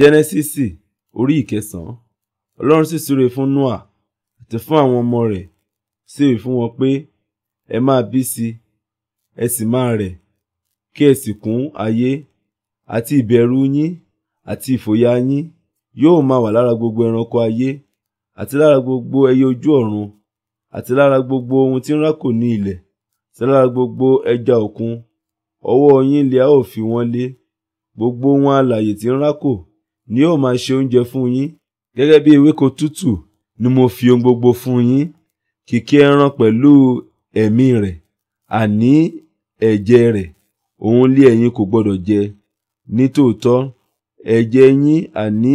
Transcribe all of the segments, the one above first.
jẹ́nẹ́sísì orí ìkẹsàn-án ọlọ́run sì súre fún noa àti fún àwọn ọmọ rẹ̀ sì wí fún wọn pé ẹ máa bí si ẹ sì máa rẹ̀ kí ẹ sì kún ayé àti ìbẹ̀rù yín àti ìfòyà yín yóò máa wà lára gbogbo ẹranko ayé àti lára gbogbo ẹyẹ ojú ọ̀run àti lára gbogbo ohun tí ń rákò ní ilẹ̀ àti lára gbogbo ẹja òkun ọwọ́ yín lè a ó fi wọ́n lé gbogbo ohun alààyè tí ń rákò ni yóò máa ṣe oúnjẹ fún yín gẹ́gẹ́ bí ewéko tútù ni mo fi ohun gbogbo fún yín kìkì ẹran pẹ̀lú ẹ̀mí rẹ̀ àní ẹ̀jẹ̀ rẹ̀ òun lé ẹ̀yin kò gbọdọ̀ jẹ nítòótọ́ ẹ̀jẹ̀ yín àní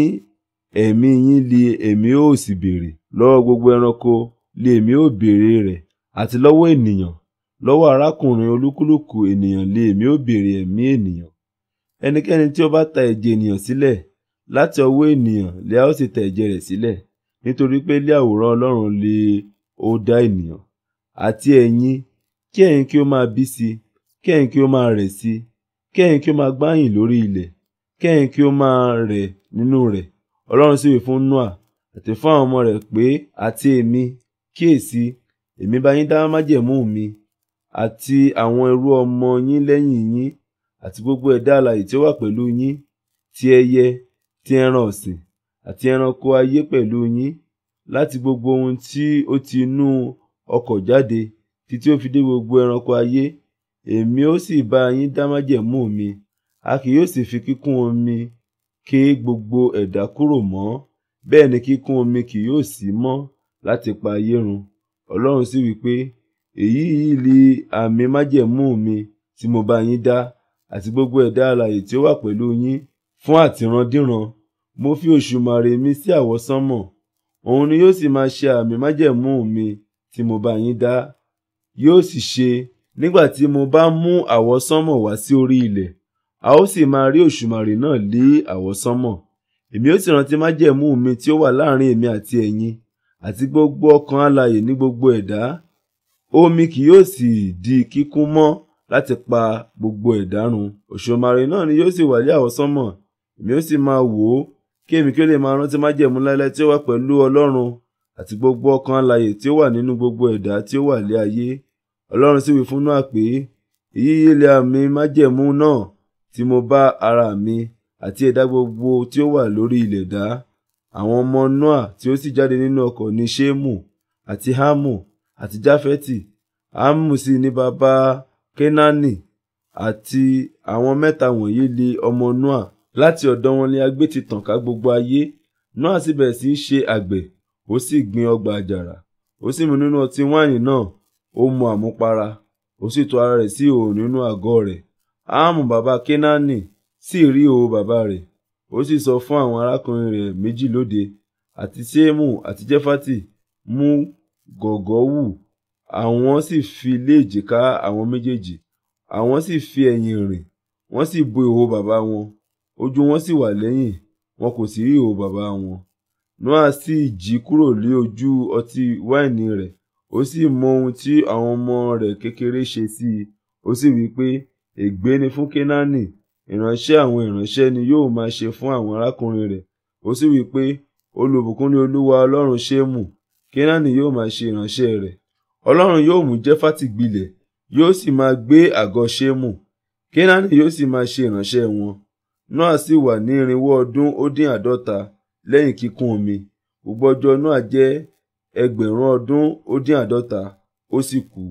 ẹ̀mí yín lé èmi ó sì béèrè lọ́wọ́ gbogbo ẹranko lé èmi ó béèrè rẹ̀ àti lọ́wọ́ ènìyàn lọ́wọ́ arákùnrin olúkúlùkù ènìyàn lé èmi ó béèrè ẹ̀mí ènìyàn ẹnikẹ́ni tí ó bá ta ẹ̀jẹ̀ ènìyàn sílẹ̀ láti ọwọ́ ènìyàn lẹ́à ó sì tẹ ẹ̀jẹ̀ rẹ̀ sílẹ̀ nítorí pé lé àwòrán ọlọ́run lé ó dá ènìyàn àti ẹ̀yin kí ẹ̀yin kí ó máa bí sí i kí ẹ̀yin kí ó máa rẹ̀ sí i kí ẹ̀yin kí ó máa gbáyìn lórí ilẹ̀ kí ẹ̀yin kí ó máa rẹ̀ nínú rẹ̀ ọlọ́run sì wí fún noah àti fún àwọn ọmọ rẹ̀ pé àti èmi kíyèsí èmi bá yín dá májẹ̀mú mi àti àwọn ẹrú ọmọ yín lẹ́yìn yín àti gbogbo ẹ̀dá alààyè tí ó wà pẹ̀lú yín ti ẹyẹ ti ẹran ọ̀sìn àti ẹranko ayé pẹ̀lú yín láti gbogbo ohun tí ó ti inú ọkọ̀ jáde títí ó fi dé gbogbo ẹranko ayé èmi ó sì bá yín dá májẹ̀mú mi a kì yóò sì fi kíkún omi ké gbogbo ẹ̀dá kúrò mọ́ bẹ́ẹ̀ ni kíkún omi kì yóò sí mọ́ láti pa ayé run ọlọ́run sì wí pé èyí yìí li àmì májẹ̀mú mi tí mo bá yín dá àti gbogbo ẹ̀dá alààyè tí ó wà pẹ̀lú yín fún àtìrandíran mo fi òṣùmàrè mi sí àwọsánmọ̀ òun ni yóò sì máa ṣe àmì májẹ̀mú mi tí mo bá yín dá yóò sì ṣe nígbà tí mo bá mú àwọsánmọ̀ wá sí orí ilẹ̀ a ó sì máa rí òṣùmàrè náà lé àwọsánmọ̀ èmi ó sì rántí májẹ̀mú mi tí ó wà láàrin èmi àti ẹ̀yin àti gbogbo ọkàn alààyè ní gbogbo ẹ̀dá omi kì yóò sì di kíkún mọ́ láti pa gbogbo ẹ̀dá run òṣùmàrè náà ni yóò sì wà lé àwọsánmọ̀ èmi ó sì máa wò ó kí èmi kí ó lè máa rántí májẹ̀mú láéláé tí ó wà pẹ̀lú ọlọ́run àti gbogbo ọkàn alààyè tí ó wà nínú gbogbo ẹ̀dá tí ó wà lé ayé ọlọ́run sì wí fún Nóà pé èyí yìí lè àmì májẹ̀mú náà tí mo bá ara mi àti ẹ̀dá gbogbo tí ó wà lórí ilẹ̀ dá àwọn ọmọ Nóà tí ó sì jáde nínú ọkọ̀ ní Ṣémù àti Hámù àti Jáfẹ́tì Hámù sì ní baba Kénáánì àti àwọn mẹ́ta wọ̀nyí li ọmọ Nóà láti ọ̀dọ̀ wọn ni agbé ti tàn ká gbogbo ayé Nóà sì bẹ̀rẹ̀ sí í ṣe àgbẹ̀ ó sì gbin ọgbà àjàrà ó sì mu nínú ọtí wáìnì náà ó mu àmupara ó sì tọ̀ ara rẹ̀ sí ihò nínú àgọ́ rẹ̀ áàmù bàbá kénáánì sì rí ihò bàbá rẹ̀ ó sì sọ fún àwọn arákùnrin rẹ̀ méjì lóde àti séèmù àti jẹ́fátì mú gọ̀gọ́ wù àwọn sì fi lé èjìká àwọn méjèèjì àwọn sì fi ẹ̀yìn rìn wọ́n sì bo ihò bàbá wọn ojú wọn sì wà lẹ́yìn wọn kò sì rí ìhòòhò bàbá wọn noah sì jí kúrò lé ojú ọtí wáìnì rẹ̀ ó sì mọ ohun tí àwọn ọmọ rẹ̀ kékeré ṣe sí i ó sì wí pé ègbé ni fún kénáánì ìránṣẹ́ àwọn ìránṣẹ́ ni yóò máa ṣe fún àwọn arákùnrin rẹ̀ ó sì wí pé olùbùkún ni olúwa ọlọ́run ṣéèmù kénáánì yóò máa ṣe ìránṣẹ́ rẹ̀ ọlọ́run yóò mú jẹ́fátì gbilẹ̀ yóò sì máa gbé àgọ́ ṣéèmù kénáánì yóò sì máa ṣe ìránṣẹ́ wọn noa sì wà ní irinwó ọdún ó dín àádọ́ta lẹ́yìn kíkún omi. Gbogbo ọjọ́ noa jẹ́ ẹgbẹ̀rún ọdún ó dín àádọ́ta, ó sì kú.